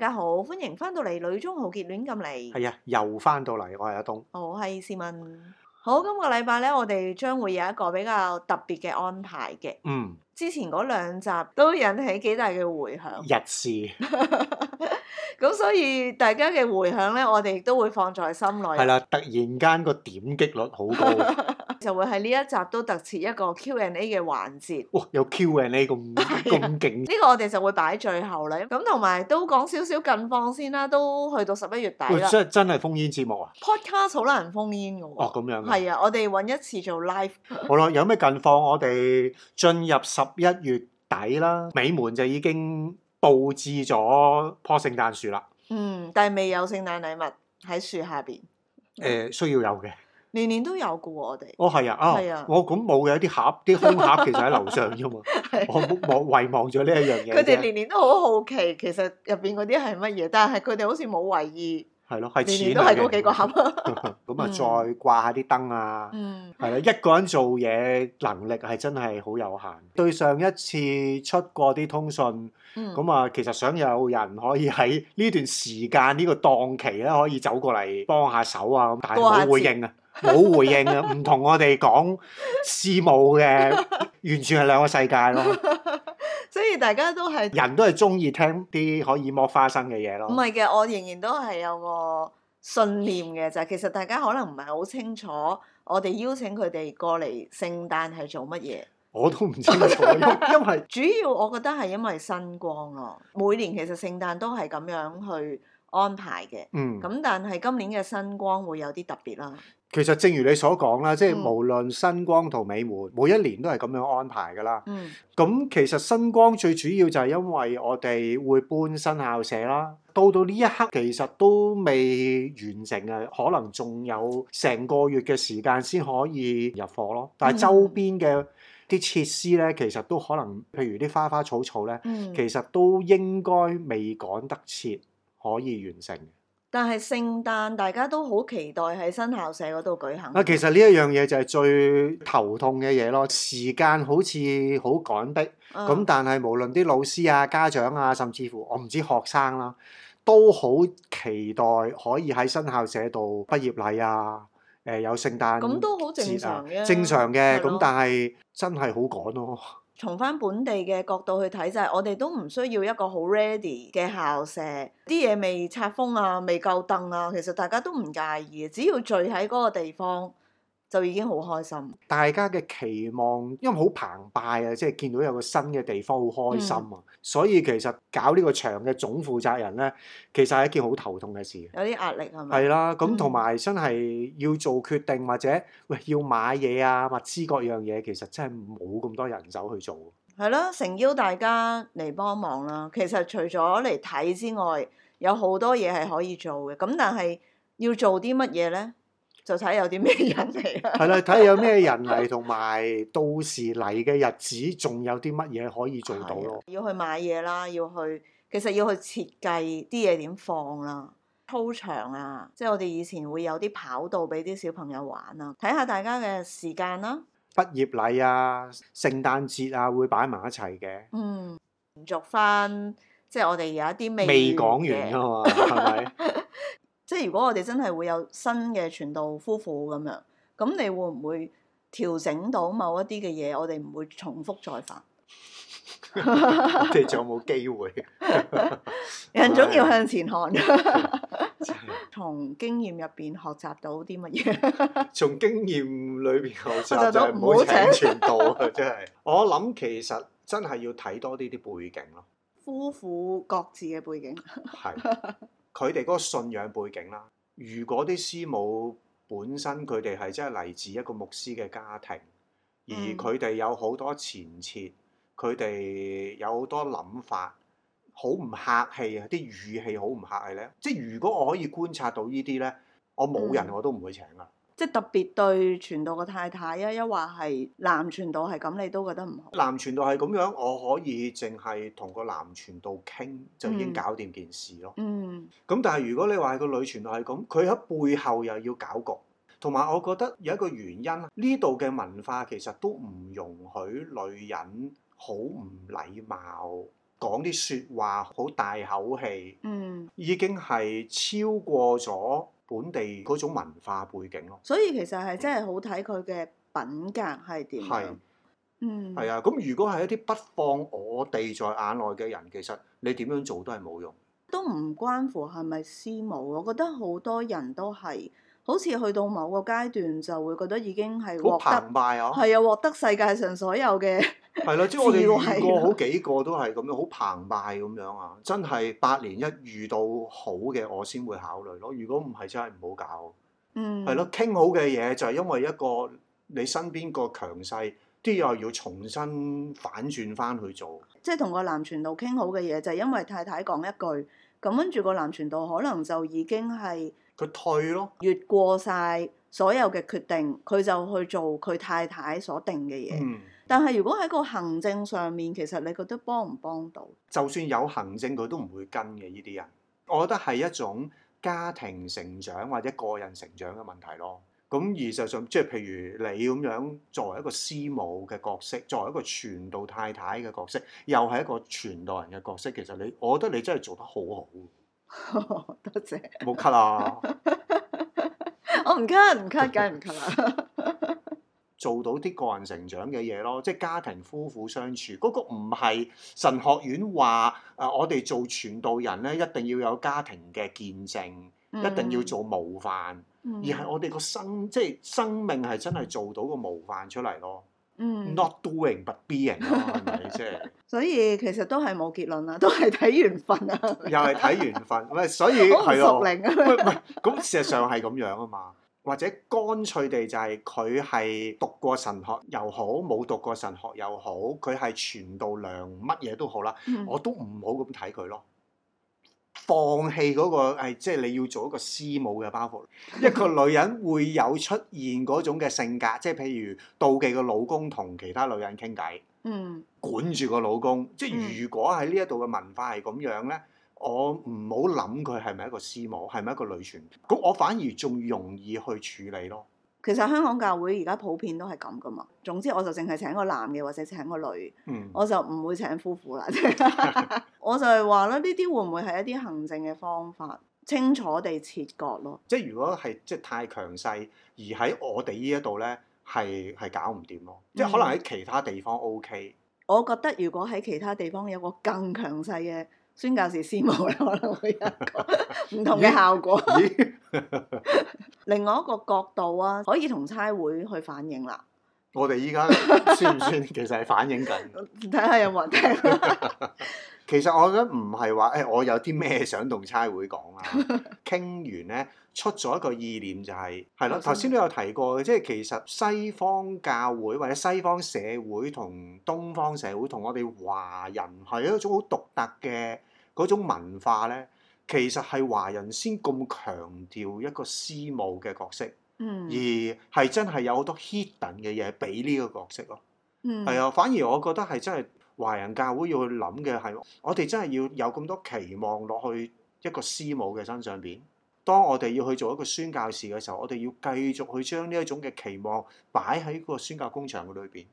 大家好，歡迎翻到嚟《女中豪傑亂咁嚟》。係啊，又翻到嚟，我係阿東。我係思敏。好，今個禮拜咧，我哋將會有一個比較特別嘅安排嘅。嗯。之前嗰兩集都引起幾大嘅迴響，日次咁， 所以大家嘅迴響咧，我哋亦都會放在心裏。係啦，突然間個點擊率好高， 就會喺呢一集都特設一個 Q and A 嘅環節。哇、哦，有 Q and A 咁咁勁，呢的個我哋就會擺最後啦。咁同埋都講少少近況先啦，都去到十一月底啦。真真係封煙節目啊！Podcast 好難封煙㗎喎。哦，咁樣。係啊，我哋揾一次做 live。好啦，有咩近況？我哋進入十 一月底啦，美門就已經布置咗棵聖誕樹啦。嗯，但係未有聖誕禮物喺樹下邊。誒、嗯，需要有嘅，年年都有噶，我哋。哦、嗯，係啊，啊，我咁冇有啲盒，啲空盒其實喺樓上啫嘛、 啊。我我遺忘咗呢一樣嘢。佢哋年年都好好奇，其實入邊嗰啲係乜嘢，但係佢哋好似冇為意。係咯，係錢都係嗰幾個盒，咁啊 再掛下啲燈啊，係啦、嗯，一個人做嘢能力係真係好有限。對上一次出過啲通訊，咁啊、嗯、其實想有人可以喺呢段時間呢、呢個檔期咧可以走過嚟幫下手啊，但係冇回應啊，冇回應啊，唔同 我哋講事務嘅，完全係兩個世界咯、啊。 大家都係人都係中意聽啲可以剝花生嘅嘢咯。唔係嘅，我仍然都係有個信念嘅就係，其實大家可能唔係好清楚，我哋邀請佢哋過嚟聖誕係做乜嘢。我都唔清楚，因為 主要我覺得係因為新光咯。每年其實聖誕都係咁樣去安排嘅，嗯，咁但係今年嘅新光會有啲特別啦。其實正如你所講啦，嗯、即係無論新光同美滿，每一年都係咁樣安排㗎啦。嗯，咁、嗯、其實新光最主要就係因為我哋會搬新校舍啦。到到呢一刻，其實都未完成啊，可能仲有成個月嘅時間先可以入貨咯。但係周邊嘅啲設施咧，其實都可能，譬如啲花花草草咧，嗯嗯、其實都應該未趕得切。可以完成，但係聖誕大家都好期待喺新校舍嗰度舉行。啊，其實呢一樣嘢就係最頭痛嘅嘢咯，時間好似好趕逼。咁、啊、但係無論啲老師啊、家長啊，甚至乎我唔知學生啦、啊，都好期待可以喺新校舍度畢業禮啊！誒、呃，有聖誕咁都好正常嘅、啊，正常嘅。咁的但係真係好趕咯。從翻本地嘅角度去睇就係，我哋都唔需要一個好 ready 嘅校舍，啲嘢未拆封啊，未夠凳啊，其實大家都唔介意，只要聚喺嗰個地方就已經好開心。大家嘅期望因為好澎湃啊，即係見到有個新嘅地方好開心啊！嗯所以其實搞呢個場嘅總負責人呢，其實係一件好頭痛嘅事，有啲壓力係咪？係啦，咁同埋真係要做決定或者喂要買嘢啊，物資各樣嘢，其實真係冇咁多人手去做。係咯，誠邀大家嚟幫忙啦。其實除咗嚟睇之外，有好多嘢係可以做嘅。咁但係要做啲乜嘢呢？就睇有啲咩人嚟啦，啊，係啦，睇有咩人嚟，同埋到時嚟嘅日子，仲有啲乜嘢可以做到咯，哎？要去買嘢啦，要去，其實要去設計啲嘢點放啦，操場啊，即係我哋以前會有啲跑道俾啲小朋友玩啊，睇下大家嘅時間啦。畢業禮啊，聖誕節啊，會擺埋一齊嘅。嗯，續翻，即係我哋有一啲未未講完噶、啊、嘛，係咪？ 即係如果我哋真係會有新嘅傳道夫婦咁樣，咁你會唔會調整到某一啲嘅嘢？我哋唔會重複再犯。即係仲有冇機會？ 人總要向前看。 從經驗入邊學習到啲乜嘢？ 從經驗裏邊學習就唔好請傳道啊！真係、 即係，我諗其實真係要睇多啲啲背景咯。夫婦各自嘅背景係。 佢哋嗰個信仰背景啦，如果啲師母本身佢哋係真係嚟自一個牧師嘅家庭，而佢哋有好多前設，佢哋有好多諗法，好唔客氣啊！啲語氣好唔客氣咧，即係如果我可以觀察到呢啲咧，我冇人我都唔會請啊！即係特別對傳道嘅太太啊，一話係男傳道係咁，你都覺得唔好。男傳道係咁樣，我可以淨係同個男傳道傾，就已經搞掂件事咯。嗯。咁但係如果你話係個女傳道係咁，佢喺背後又要搞局，同埋我覺得有一個原因，呢度嘅文化其實都唔容許女人好唔禮貌，講啲説話好大口氣。嗯。已經係超過咗。本地嗰種文化背景咯，所以其實係真係好睇佢嘅品格係點樣。是嗯，係啊，咁如果係一啲不放我哋在眼內嘅人，其實你點樣做都係冇用。都唔關乎係咪師母，我覺得好多人都係，好似去到某個階段就會覺得已經係獲得，係啊，獲得世界上所有嘅。係啦，即係我哋遇過好幾個都係咁樣，好 的澎湃咁樣啊！真係百年一遇到好嘅，我先會考慮咯。如果唔係，真係唔好搞。嗯，係咯，傾好嘅嘢就係因為一個你身邊個強勢，啲嘢要重新反轉翻去做。即係同個男傳道傾好嘅嘢，就係、是、因為太太講一句，咁跟住個男傳道可能就已經係佢退咯。越過晒所有嘅決定，佢就去做佢太太所定嘅嘢。嗯但係如果喺個行政上面，其實你覺得幫唔幫到？就算有行政，佢都唔會跟嘅呢啲人。我覺得係一種家庭成長或者個人成長嘅問題咯。咁而實上即係譬如你咁樣作為一個師母嘅角色，作為一個傳道太太嘅角色，又係一個傳道人嘅角色。其實你，我覺得你真係做得好好。 多謝。冇 cut 啊！ 我唔 cut，唔 cut，梗係唔 cut 啦。做到啲個人成長嘅嘢咯，即係家庭夫婦相處嗰個唔係神學院話誒，我哋做傳道人咧，一定要有家庭嘅見證，一定要做模範，而係我哋個生即係生命係真係做到個模範出嚟咯。嗯，not doing but being，係咪先？所以其實都係冇結論啦，都係睇緣分啊，又係睇緣分，唔係所以係咯，唔係咁事實上係咁樣啊嘛。或者乾脆地就係佢係讀過神學又好，冇讀過神學又好，佢係傳道娘乜嘢都好啦，嗯、我都唔好咁睇佢咯。放棄嗰、那個即係你要做一個師母嘅包袱。一個女人會有出現嗰種嘅性格，即、就、係、是、譬如妒忌個老公同其他女人傾偈，嗯，管住個老公。即、就、係、是、如果喺呢一度嘅文化係咁樣咧。我唔好諗佢係咪一個師母，係咪一個女傳。咁我反而仲容易去處理咯。其實香港教會而家普遍都係咁㗎嘛。總之我就淨係請個男嘅，或者請個女，嗯、我就唔會請夫婦啦。我就係話咧，呢啲會唔會係一啲行政嘅方法，清楚地切割咯？即係如果係即係太強勢，而喺我哋呢一度呢，係係搞唔掂咯。嗯、即係可能喺其他地方 OK。我覺得如果喺其他地方有個更強勢嘅。宣教士師母啦，可能會有個唔同嘅效果。 另外一個角度啊，可以同差會去反映啦。 我哋依家算唔算其實係反映緊？睇下 有冇人聽。 其實我覺得唔係話誒，我有啲咩想同差會講啊。傾 完咧，出咗一個意念就係係咯。頭先 都有提過嘅，即係其實西方教會或者西方社會同東方社會同我哋華人係一種好獨特嘅，嗰種文化咧，其實係華人先咁強調一個師母嘅角色，嗯、而係真係有好多 hidden 嘅嘢俾呢個角色咯。係啊、嗯，反而我覺得係真係華人教會要去諗嘅係，我哋真係要有咁多期望落去一個師母嘅身上邊。當我哋要去做一個宣教士嘅時候，我哋要繼續去將呢一種嘅期望擺喺個宣教工場嘅裏邊。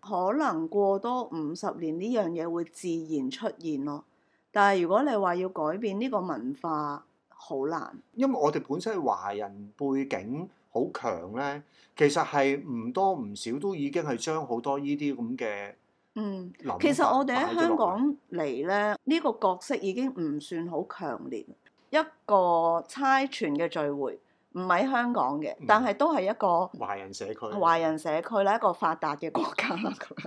可能過多五十年呢樣嘢會自然出現咯。但係如果你話要改變呢個文化，好難。因為我哋本身華人背景好強咧，其實係唔多唔少都已經係將好多呢啲咁嘅，嗯，其實我哋喺香港嚟咧，呢個角色已經唔算好強烈。一個差傳嘅聚會唔喺香港嘅，嗯、但係都係一個華人社區，華人社區啦，一個發達嘅國家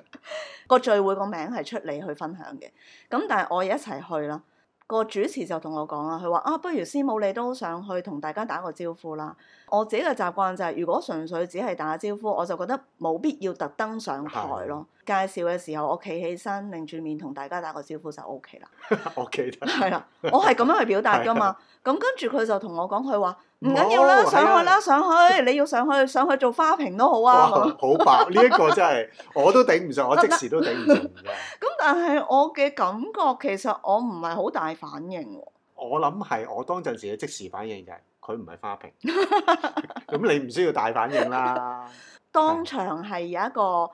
個聚會個名係出嚟去分享嘅，咁但係我哋一齊去啦。個主持就同我講啦，佢話啊，不如師母你都上去同大家打個招呼啦。我自己嘅習慣就係、是，如果純粹只係打招呼，我就覺得冇必要特登上台咯。的介紹嘅時候，我企起身，擰住面同大家打個招呼就 OK 啦。OK 啦。係啦，我係咁樣去表達噶嘛。咁 的跟住佢就同我講，佢話唔緊要啦，要上去啦，的上去，你要上去上去做花瓶都好啊。 好白，呢、這、一個真係我都頂唔上，我即時都頂唔上。嘅。咁但係我嘅感覺其實我唔係好大反應。我諗係我當陣時嘅即時反應就係，佢唔係花瓶。咁 你唔需要大反應啦。 當場係有一個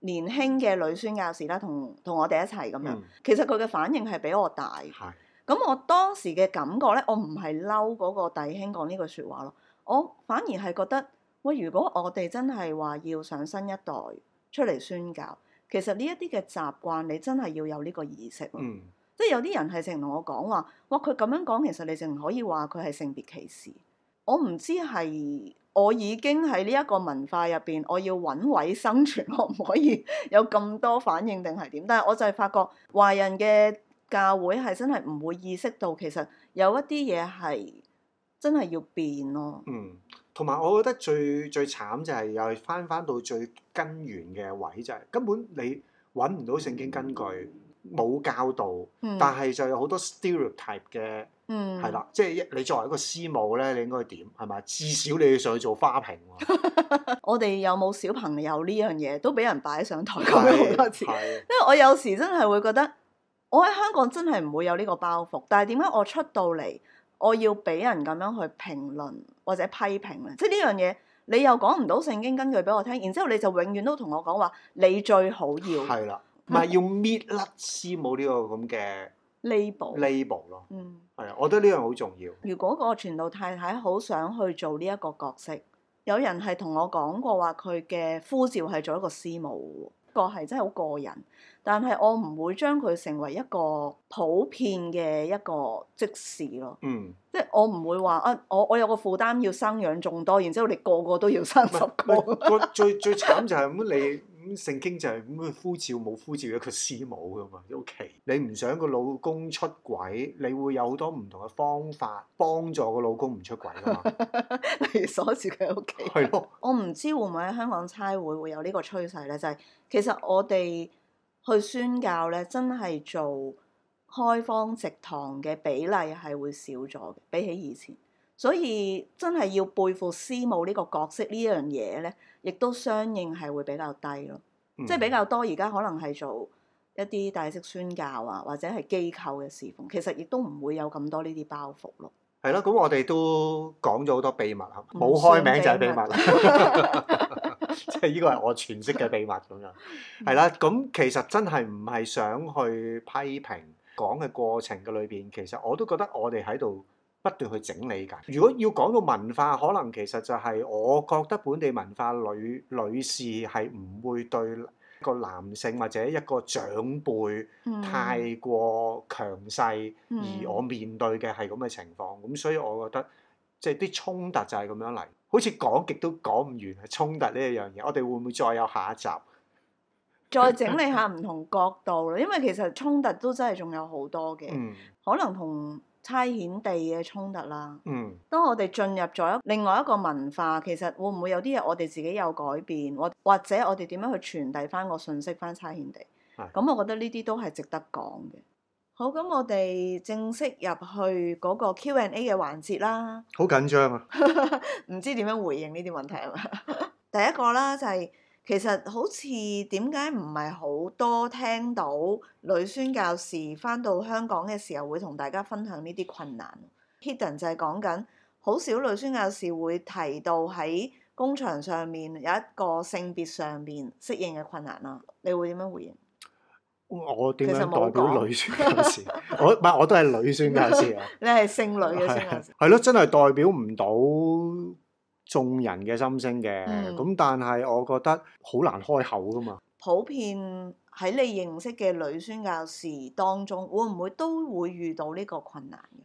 年輕嘅女宣教士啦，同同我哋一齊咁樣。嗯、其實佢嘅反應係比我大。係。咁我當時嘅感覺咧，我唔係嬲嗰個弟兄講呢句說話咯，我反而係覺得，喂，如果我哋真係話要上新一代出嚟宣教，其實呢一啲嘅習慣，你真係要有呢個意識。嗯。即係有啲人係成同我講話，嘩，佢咁樣講，其實你仲可以話佢係性別歧視。我唔知係我已經喺呢一個文化入邊，我要揾位生存，可唔可以有咁多反應定係點？但係我就係發覺，華人嘅教會係真係唔會意識到，其實有一啲嘢係真係要變咯。嗯，同埋我覺得最最慘就係又係翻翻到最根源嘅位，就係、是、根本你揾唔到聖經根據。嗯。冇教導，嗯、但係就有好多 stereotype 嘅，係啦、嗯，即係、就是、你作為一個師母咧，你應該點係嘛？至少你要上去做花瓶、啊、 我哋有冇小朋友呢樣嘢都俾人擺上台講咗好多次，因為我有時真係會覺得，我喺香港真係唔會有呢個包袱，但係點解我出到嚟，我要俾人咁樣去評論或者批評咧？即係呢樣嘢，你又講唔到聖經根據俾我聽，然之後你就永遠都同我講話，你最好要係啦。唔係、嗯、要搣甩師母呢個咁嘅 label label 咯，嗯，係啊，我覺得呢樣好重要。如果個傳道太太好想去做呢一個角色，有人係同我講過話，佢嘅呼召係做一個師母，個係真係好個人，但係我唔會將佢成為一個普遍嘅一個即時咯，嗯，即係我唔會話啊，我我有個負擔要生養眾多，然之後你哋個個都要生十個，最最慘就係咁你。 咁聖經就係咁去呼召冇呼召一個師母噶嘛？喺屋企你唔想個老公出軌，你會有好多唔同嘅方法幫助個老公唔出軌噶嘛？ 例如鎖住佢喺屋企，係咯的。 我唔知會唔會喺香港差會會有呢個趨勢咧？就係、是、其實我哋去宣教咧，真係做開方直堂嘅比例係會少咗嘅，比起以前。所以真係要背負師母呢個角色呢樣嘢呢，亦都相應係會比較低咯。即係比較多而家可能係做一啲大式宣教啊，或者係機構嘅事奉，其實亦都唔會有咁多呢啲包袱咯。係咯，咁我哋都講咗好多秘密，冇開名就係秘密，即係呢個係我全識嘅秘密咁樣。係啦，咁其實真係唔係想去批評講嘅過程嘅裏邊，其實我都覺得我哋喺度。不斷去整理㗎。如果要講到文化，可能其實就係我覺得本地文化女女士係唔會對個男性或者一個長輩太過強勢，嗯、而我面對嘅係咁嘅情況。咁、嗯、所以我覺得即係啲衝突就係咁樣嚟。好似講極都講唔完係衝突呢一樣嘢。我哋會唔會再有下一集？再整理下唔同角度啦。 因為其實衝突都真係仲有好多嘅，嗯、可能同。差遣地嘅衝突啦，嗯、當我哋進入咗另外一個文化，其實會唔會有啲嘢我哋自己有改變，我或者我哋點樣去傳遞返個信息返差遣地，咁的我覺得呢啲都係值得講嘅。好，咁我哋正式入去嗰個 Q and A 嘅環節啦，好緊張啊，唔 知點樣回應呢啲問題啊。 第一個啦就係、是。其實好似點解唔係好多聽到女宣教士返到香港嘅時候，會同大家分享呢啲困難 ？Hilton 就係講緊，好少女宣教士會提到喺工場上面有一個性別上面適應嘅困難咯。你會點樣回應？我點樣代表女宣教士？我唔係我都係女宣教士啊！ 你係姓女嘅性係咯，真係代表唔到。眾人嘅心聲嘅，咁、嗯、但係我覺得好難開口噶嘛。普遍喺你認識嘅女宣教士當中，會唔會都會遇到呢個困難嘅？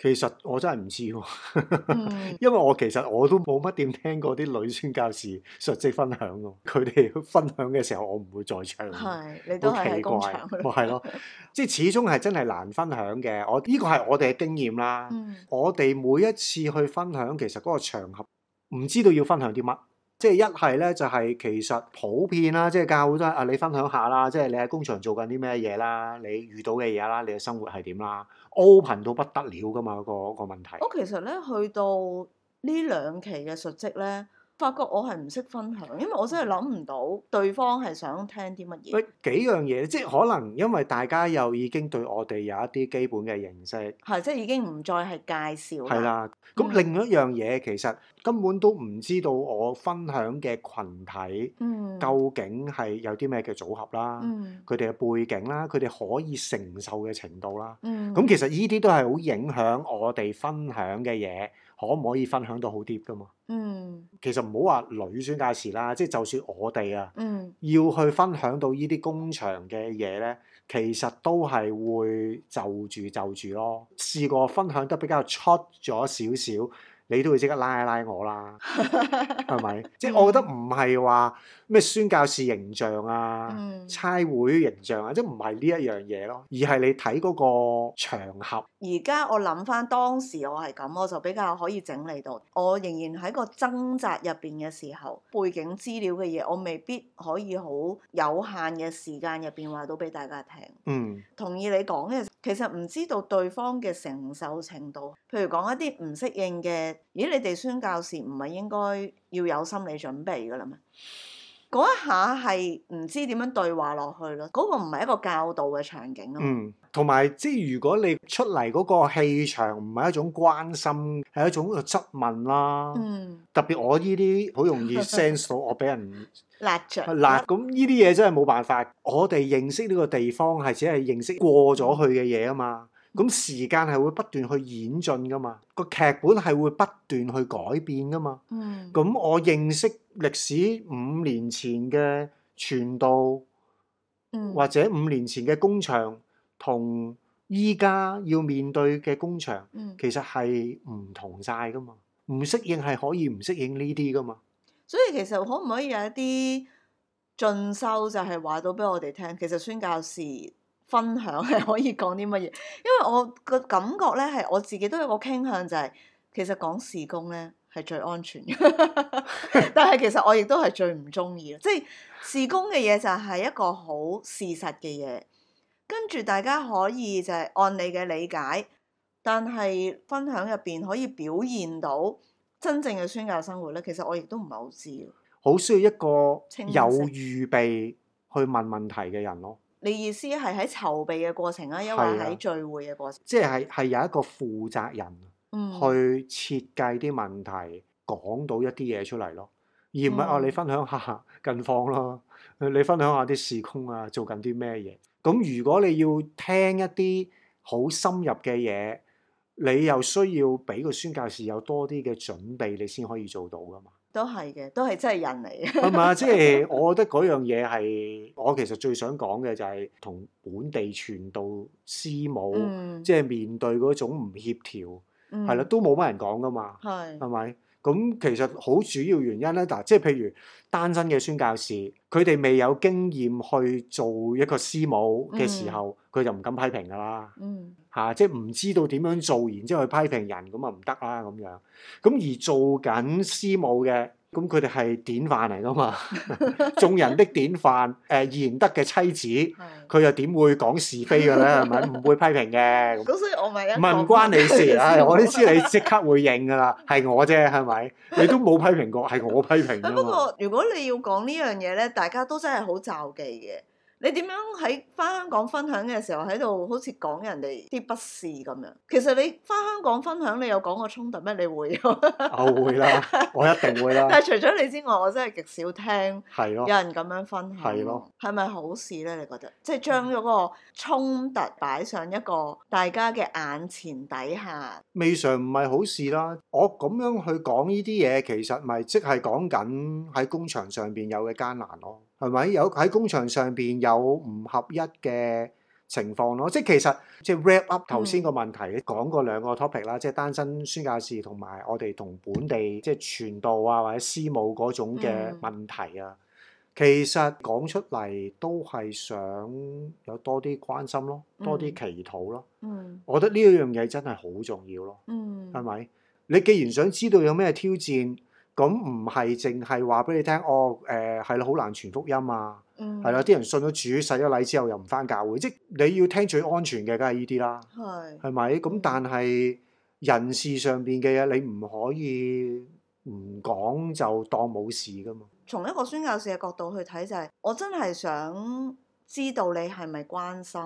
其實我真係唔知喎、啊，嗯、 因為我其實我都冇乜點聽過啲女宣教士述職分享喎。佢哋分享嘅時候，我唔會在場，係，你都奇怪。工咯場，即係 始終係真係難分享嘅。這個、我呢個係我哋嘅經驗啦。嗯、我哋每一次去分享，其實嗰個場合。唔知道要分享啲乜，即係一係咧就係其實普遍啦，即係教會都係啊，你分享下啦，即係你喺工場做緊啲咩嘢啦，你遇到嘅嘢啦，你嘅生活係點啦，open 到不得了噶嘛，個個問題。我其實咧去到呢兩期嘅述職咧。發覺我係唔識分享，因為我真係諗唔到對方係想聽啲乜嘢。幾樣嘢，即係可能因為大家又已經對我哋有一啲基本嘅認識，係即係已經唔再係介紹。係啦，咁、嗯、另一樣嘢其實根本都唔知道我分享嘅群體，嗯，究竟係有啲咩嘅組合啦，嗯，佢哋嘅背景啦，佢哋可以承受嘅程度啦，嗯，咁其實呢啲都係好影響我哋分享嘅嘢。可唔可以分享到好啲噶嘛？嗯，其實唔好話女專家事啦，即係就算我哋啊，嗯，要去分享到呢啲工場嘅嘢咧，其實都係會就住就住咯。試過分享得比較出咗少少。你都會即刻拉一拉我啦，係咪？ 嗯、即係我覺得唔係話咩宣教士形象啊、嗯、差會形象啊，即係唔係呢一樣嘢咯。而係你睇嗰個場合。而家我諗翻當時我係咁，我就比較可以整理到。我仍然喺個掙扎入邊嘅時候，背景資料嘅嘢，我未必可以好有限嘅時間入邊話到俾大家聽。嗯，同意你講嘅，其實唔知道對方嘅承受程度，譬如講一啲唔適應嘅。咦，你哋宣教士唔係應該要有心理準備嘅啦？咩？嗰一下係唔知點樣對話落去咯。嗰個唔係一個教導嘅場景啊。嗯，同埋即係如果你出嚟嗰個氣場唔係一種關心，係一種質問啦。嗯，特別我呢啲好容易 sense 到我俾人 辣著。辣咁呢啲嘢真係冇辦法。我哋認識呢個地方係只係認識過咗去嘅嘢啊嘛。咁時間係會不斷去演進噶嘛，個劇本係會不斷去改變噶嘛。咁、嗯、我認識歷史五年前嘅傳道，嗯、或者五年前嘅工場，同依家要面對嘅工場，嗯、其實係唔同晒噶嘛。唔適應係可以唔適應呢啲噶嘛。所以其實可唔可以有一啲進修，就係話到俾我哋聽，其實宣教士。分享係可以講啲乜嘢？因為我個感覺咧係我自己都有個傾向就係，其實講事工咧係最安全嘅， 但係其實我亦都係最唔中意，即係事工嘅嘢就係一個好事實嘅嘢，跟住大家可以就係按你嘅理解，但係分享入邊可以表現到真正嘅宣教生活咧。其實我亦都唔係好知。好需要一個有預備去問問題嘅人咯。你意思係喺籌備嘅過程啦，因為喺聚會嘅過程，即係係有一個負責人去設計啲問題，嗯、講到一啲嘢出嚟咯，而唔係、嗯、啊你分享下近況咯，你分享下啲時空啊，做緊啲咩嘢？咁如果你要聽一啲好深入嘅嘢，你又需要俾個宣教士有多啲嘅準備，你先可以做到噶嘛？都係嘅，都係真係人嚟嘅。係嘛？即係我覺得嗰樣嘢係，我其實最想講嘅就係同本地傳道師母，即係、嗯、面對嗰種唔協調，係啦、嗯，都冇乜人講㗎嘛，係，係咪？咁其實好主要原因咧，嗱，即係譬如單身嘅宣教士，佢哋未有經驗去做一個師母嘅時候，佢、嗯、就唔敢批評噶啦，嚇、嗯啊，即係唔知道點樣做，然之後去批評人，咁啊唔得啦咁樣。咁而做緊師母嘅。咁佢哋係典範嚟噶嘛？ 眾人的典範，誒賢德嘅妻子，佢 又點會講是非㗎咧？係咪唔會批評嘅？咁 所以我咪一唔關你事啊！我都知你即刻會認㗎啦，係我啫，係咪？你都冇批評過，係我批評啫 不過如果你要講呢樣嘢咧，大家都真係好罩忌嘅。你點樣喺翻香港分享嘅時候喺度好似講人哋啲不是咁樣？其實你翻香港分享，你有講過衝突咩？你會 我會啦，我一定會啦。但係除咗你之外，我真係極少聽係咯，有人咁樣分享係咯，係咪的好事呢？你覺得即係、就是、將嗰個衝突擺上一個大家嘅眼前底下，未嘗唔係好事啦。我咁樣去講呢啲嘢，其實咪即係講緊喺工場上邊有嘅艱難咯。係咪有喺工場上邊有唔合一嘅情況咯？即係其實即係 wrap up 頭先個問題講過兩個 topic 啦，即係單身宣教士同埋我哋同本地即係傳道啊或者師母嗰種嘅問題啊，嗯、其實講出嚟都係想有多啲關心咯，多啲祈禱咯。嗯，嗯我覺得呢一樣嘢真係好重要咯。嗯，係咪你既然想知道有咩挑戰？咁唔係淨係話俾你聽，哦，誒係咯，好難傳福音啊，係啦、嗯，啲人信咗主，洗咗禮之後又唔返教會，即你要聽最安全嘅，梗係呢啲啦，係係咪？咁但係人事上邊嘅嘢，你唔可以唔講就當冇事㗎嘛。從一個宣教士嘅角度去睇就係，我真係想知道你係咪關心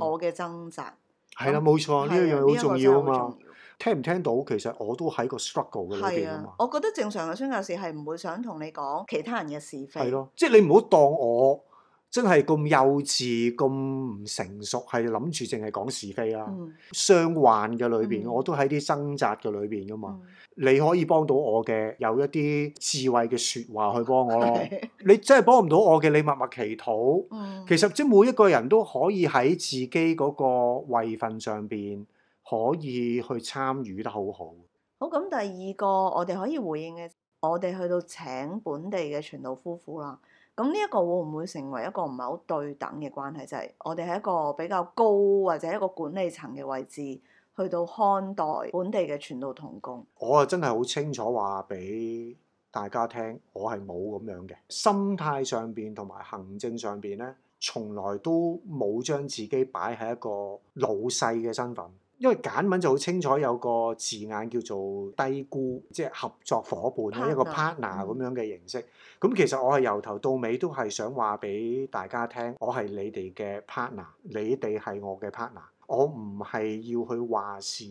我嘅掙扎？係啦、嗯，冇錯，呢一樣好重要啊嘛。聽唔聽到？其實我都喺個 struggle 嘅裏邊嘛啊嘛。我覺得正常嘅宣教士係唔會想同你講其他人嘅是非。係咯、啊，即係你唔好當我真係咁幼稚、咁唔成熟，係諗住淨係講是非啦、啊。傷患嘅裏邊，我都喺啲掙扎嘅裏邊噶嘛。嗯、你可以幫到我嘅，有一啲智慧嘅説話去幫我咯。的你真係幫唔到我嘅，你默默祈禱。嗯、其實即係每一個人都可以喺自己嗰個位份上邊。可以去參與得好好。好，咁，第二個我哋可以回應嘅，我哋去到請本地嘅傳道夫婦啦。咁呢一個會唔會成為一個唔係好對等嘅關係？就係、是、我哋係一個比較高或者一個管理層嘅位置，去到看待本地嘅傳道同工。我啊真係好清楚話俾大家聽，我係冇咁樣嘅。心態上邊同埋行政上邊呢，從來都冇將自己擺喺一個老細嘅身份。因為簡文就好清楚有個字眼叫做低估，即係合作伙伴啦，partner，一個 partner 咁樣嘅形式。咁、嗯、其實我係由頭到尾都係想話俾大家聽，我係你哋嘅 partner，你哋係我嘅 partner。我唔係要去話事，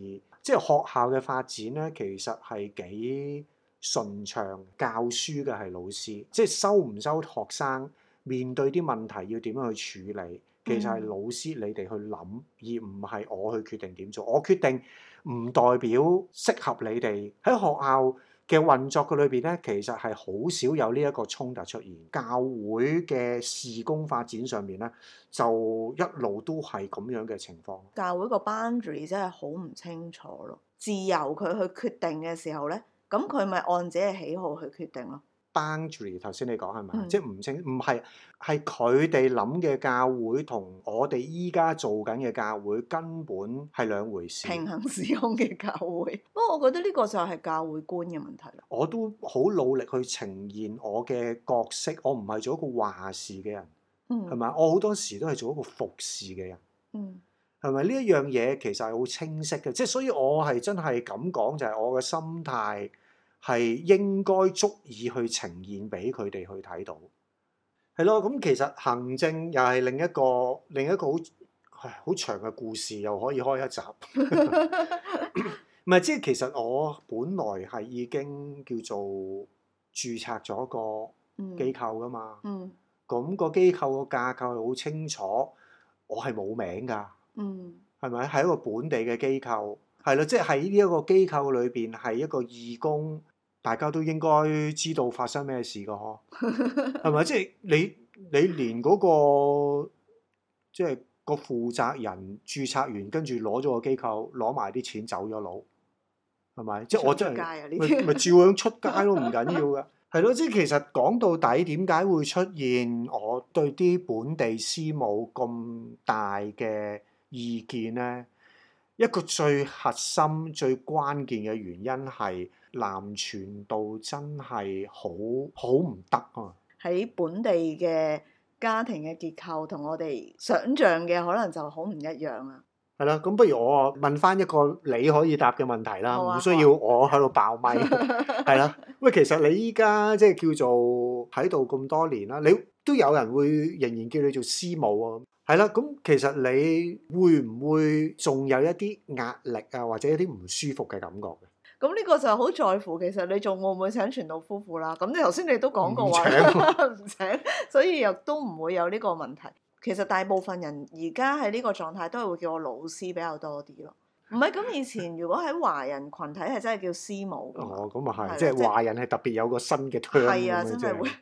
即係學校嘅發展呢，其實係幾順暢。教書嘅係老師，即係收唔收學生，面對啲問題要點樣去處理。嗯、其實係老師你哋去諗，而唔係我去決定點做。我決定唔代表適合你哋喺學校嘅運作嘅裏邊咧，其實係好少有呢一個衝突出現。教會嘅事工發展上面咧，就一路都係咁樣嘅情況。教會個 boundary 真係好唔清楚咯。自由佢去決定嘅時候咧，咁佢咪按自己喜好去決定咯？Boundary 頭先你講係咪？嗯、即係唔清唔係，係佢哋諗嘅教會同我哋依家做緊嘅教會根本係兩回事。平行時空嘅教會，不過我覺得呢個就係教會觀嘅問題。我都好努力去呈現我嘅角色，我唔係做一個話事嘅人，係咪、嗯？我好多時都係做一個服侍嘅人，係咪、嗯？呢一樣嘢其實係好清晰嘅，即係所以我係真係咁講，就係、是、我嘅心態。係應該足以去呈現俾佢哋去睇到，係咯？咁其實行政又係另一個另一個好好長嘅故事，又可以開一集。唔係，即係其實我本來係已經叫做註冊咗個機構㗎嘛，嗯。嗯，咁個機構個架構好清楚，我係冇名㗎。嗯，係咪係一個本地嘅機構？係咯，即係喺呢一個機構裏邊係一個義工。大家都應該知道發生咩事噶，嗬係咪？即係你你連嗰個即係個負責人註冊完，跟住攞咗個機構攞埋啲錢走咗佬，係咪？ 即係我真係咪照樣出街都唔緊要噶，係咯。 即係其實講到底，點解會出現我對啲本地師母咁大嘅意見咧？一個最核心、最關鍵嘅原因係。流傳度真係好好唔得啊！喺本地嘅家庭嘅結構同我哋想像嘅可能就好唔一樣啊！係啦，咁不如我問翻一個你可以答嘅問題啦，唔需要我喺度爆咪係啦。喂，其實你依家即係叫做喺度咁多年啦，你都有人會仍然叫你做師母啊？係啦，咁其實你會唔會仲有一啲壓力啊，或者一啲唔舒服嘅感覺？咁呢個就好在乎，其實你仲會唔會請傳道夫婦啦？咁你頭先你都講過話唔請 所以又都唔會有呢個問題。其實大部分人而家喺呢個狀態都係會叫我老師比較多啲咯。唔係咁以前如果喺華人群體係真係叫師母嘅。哦，咁啊係，啦即係即華人係特別有個新嘅推，趨向嘅啫。誒，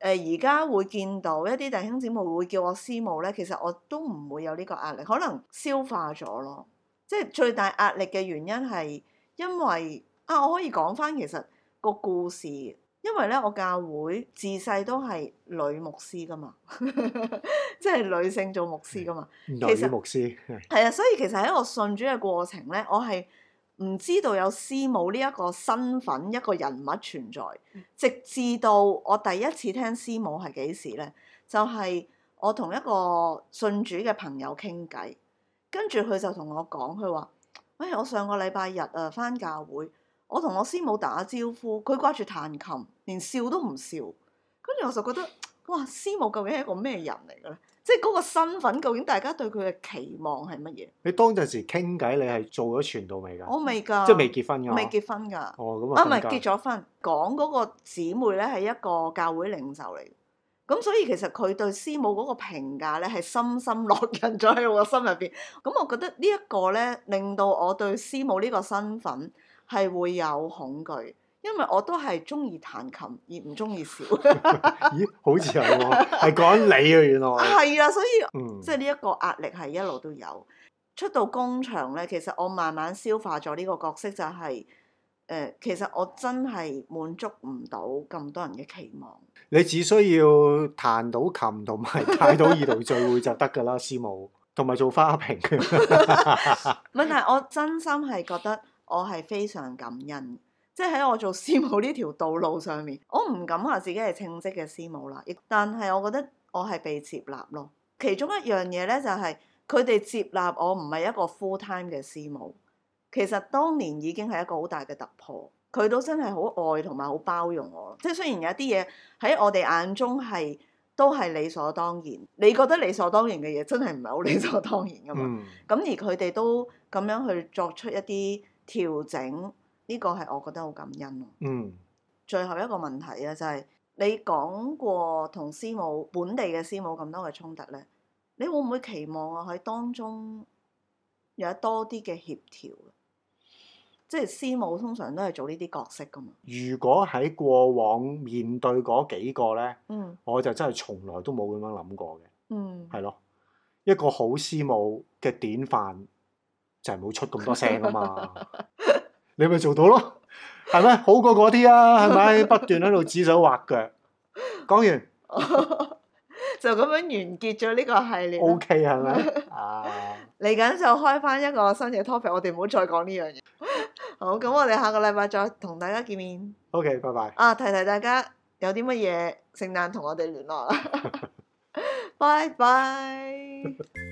而家、 呃、會見到一啲弟兄姊妹會叫我師母咧，其實我都唔會有呢個壓力，可能消化咗咯。即係最大壓力嘅原因係。因為啊，我可以講翻其實個故事，因為咧，我教會自細都係女牧師噶嘛，即 係女性做牧師噶嘛。其實、嗯、牧師係實、嗯、啊，所以其實喺我信主嘅過程咧，我係唔知道有師母呢一個身份一個人物存在，直至到我第一次聽師母係幾時咧？就係、是、我同一個信主嘅朋友傾偈，跟住佢就同我講，佢話。哎，我上個禮拜日啊，返教會，我同我師母打招呼，佢掛住彈琴，連笑都唔笑，跟住我就覺得，哇，師母究竟係一個咩人嚟嘅咧？即係嗰個身份，究竟大家對佢嘅期望係乜嘢？你當陣時傾偈，你係做咗傳道未㗎？我未㗎，即係未結婚㗎。未結婚㗎。哦咁啊，唔係結咗婚。講嗰個姊妹咧，係一個教會領袖嚟。咁所以其實佢對師母嗰個評價咧係深深烙印咗喺我心入邊。咁我覺得呢一個咧令到我對師母呢個身份係會有恐懼，因為我都係中意彈琴而唔中意笑。 咦？好似係喎，係講你嘅原來。係 啊，所以、嗯、即係呢一個壓力係一路都有。出到工場咧，其實我慢慢消化咗呢個角色，就係，就係誒，其實我真係滿足唔到咁多人嘅期望。你只需要彈到琴同埋帶到二度聚會就得㗎啦， 師母。同埋做花瓶。唔係，我真心係覺得我係非常感恩，即係喺我做師母呢條道路上面，我唔敢話自己係稱職嘅師母啦。亦但係，我覺得我係被接納咯。其中一樣嘢咧，就係佢哋接納我唔係一個 full time 嘅師母。其實當年已經係一個好大嘅突破。佢都真係好愛同埋好包容我，即係雖然有一啲嘢喺我哋眼中係都係理所當然，你覺得理所當然嘅嘢，真係唔係好理所當然噶嘛？咁、mm. 而佢哋都咁樣去作出一啲調整，呢、這個係我覺得好感恩。嗯，mm. 最後一個問題啊，就係、是、你講過同師母本地嘅師母咁多嘅衝突咧，你會唔會期望我喺當中有多啲嘅協調？即係師母，通常都係做呢啲角色㗎嘛。如果喺過往面對嗰幾個咧，嗯，我就真係從來都冇咁樣諗過嘅，嗯，係咯，一個好師母嘅典範就係冇出咁多聲啊嘛， 你咪做到咯，係咪？好過嗰啲啊，係咪？不斷喺度指手畫腳。講完。 就咁樣完結咗呢個系列。O K 係咪啊？嚟緊 就開翻一個新嘅 topic，我哋唔好再講呢樣嘢。 好，咁我哋下個禮拜再同大家見面。O K，拜拜。啊，提提大家有啲乜嘢聖誕同我哋聯絡。拜拜。